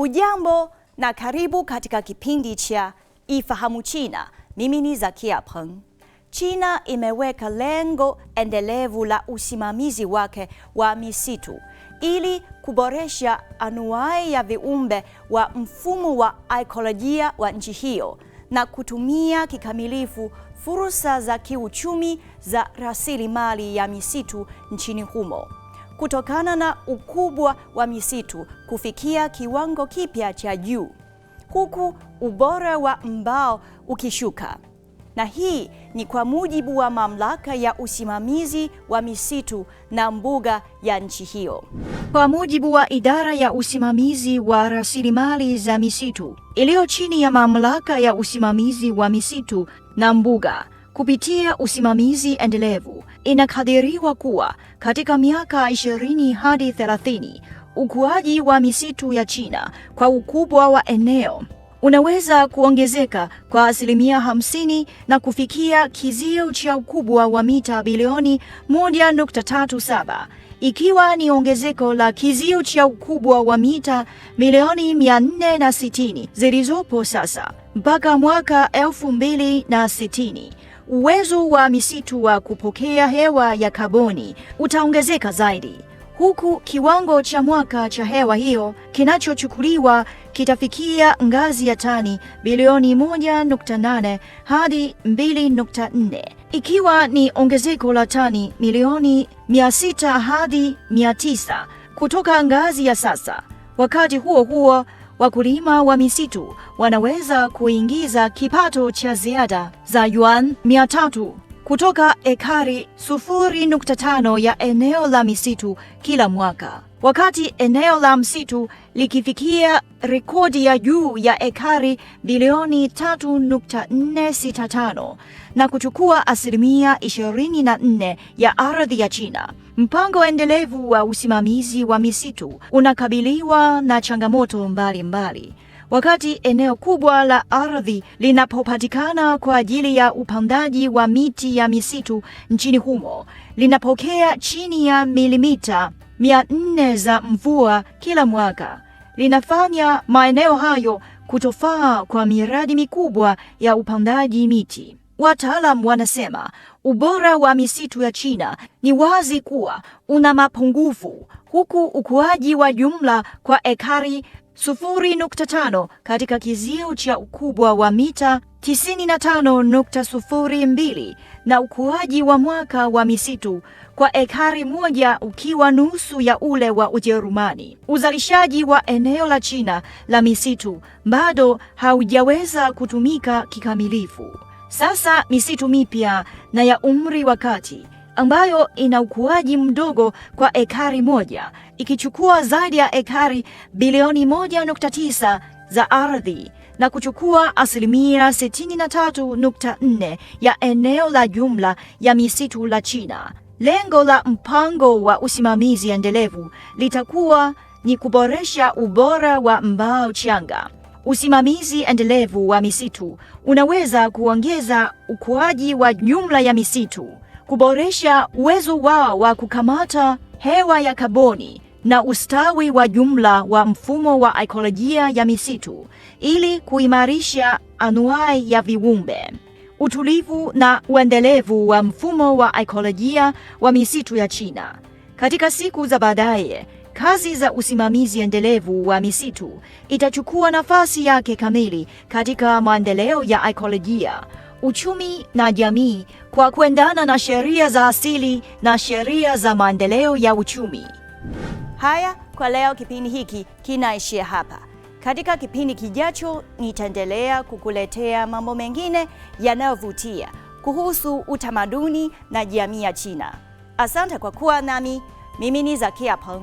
ujambo na karibu katika kipindi cha Ifahamu China. Mimi ni Zakia Peng. China imeweka lengo endelevu la usimamizi wake wa misitu ili kuboresha anuai ya viumbe wa mfumo wa ekolojia wa nchi hiyo na kutumia kikamilifu fursa za kiuchumi za rasilimali ya misitu nchini humo kutokana na ukubwa wa misitu kufikia kiwango kipya cha juu, huku ubora wa mbao ukishuka. Na hii ni kwa mujibu wa mamlaka ya usimamizi wa misitu na mbuga ya nchi hiyo. Kwa mujibu wa idara ya usimamizi wa rasilimali za misitu iliyo chini ya mamlaka ya usimamizi wa misitu na mbuga kupitia usimamizi endelevu. Inakadiriwa kuwa katika miaka 20 hadi 30 ukuaji wa misitu ya China kwa ukubwa wa eneo unaweza kuongezeka kwa asilimia 50 na kufikia kizio cha ukubwa wa mita bilioni 1.37 ikiwa ni ongezeko la kizio cha ukubwa wa mita milioni 460 zilizopo sasa mpaka mwaka 2060 uwezo wa misitu wa kupokea hewa ya kaboni utaongezeka zaidi, huku kiwango cha mwaka cha hewa hiyo kinachochukuliwa kitafikia ngazi ya tani bilioni 1.8 hadi 2.4, ikiwa ni ongezeko la tani milioni 600 hadi 900 kutoka ngazi ya sasa. Wakati huo huo wakulima wa misitu wanaweza kuingiza kipato cha ziada za yuan 300 kutoka ekari 0.5 ya eneo la misitu kila mwaka, wakati eneo la msitu likifikia rekodi ya juu ya ekari bilioni 3.465 na kuchukua asilimia 24 ya ardhi ya China. Mpango endelevu wa usimamizi wa misitu unakabiliwa na changamoto mbalimbali mbali wakati eneo kubwa la ardhi linapopatikana kwa ajili ya upandaji wa miti ya misitu nchini humo linapokea chini ya milimita mia nne za mvua kila mwaka, linafanya maeneo hayo kutofaa kwa miradi mikubwa ya upandaji miti. Wataalam wanasema ubora wa misitu ya China ni wazi kuwa una mapungufu, huku ukuaji wa jumla kwa ekari 0.5 katika kizio cha ukubwa wa mita 95.02 na ukuaji wa mwaka wa misitu kwa ekari moja ukiwa nusu ya ule wa Ujerumani. Uzalishaji wa eneo la China la misitu bado haujaweza kutumika kikamilifu. Sasa misitu mipya na ya umri wa kati ambayo ina ukuaji mdogo kwa ekari moja ikichukua zaidi ya ekari bilioni 1.9 za ardhi na kuchukua asilimia 63.4 ya eneo la jumla ya misitu la China. Lengo la mpango wa usimamizi endelevu litakuwa ni kuboresha ubora wa mbao changa Usimamizi endelevu wa misitu unaweza kuongeza ukuaji wa jumla ya misitu, kuboresha uwezo wao wa kukamata hewa ya kaboni na ustawi wa jumla wa mfumo wa ekolojia ya misitu ili kuimarisha anuai ya viumbe. Utulivu na uendelevu wa mfumo wa ekolojia wa misitu ya China. Katika siku za baadaye Kazi za usimamizi endelevu wa misitu itachukua nafasi yake kamili katika maendeleo ya ekolojia, uchumi na jamii kwa kuendana na sheria za asili na sheria za maendeleo ya uchumi. Haya kwa leo, kipindi hiki kinaishia hapa. Katika kipindi kijacho, nitaendelea kukuletea mambo mengine yanayovutia kuhusu utamaduni na jamii ya China. Asante kwa kuwa nami. Mimi ni Zakia Peng.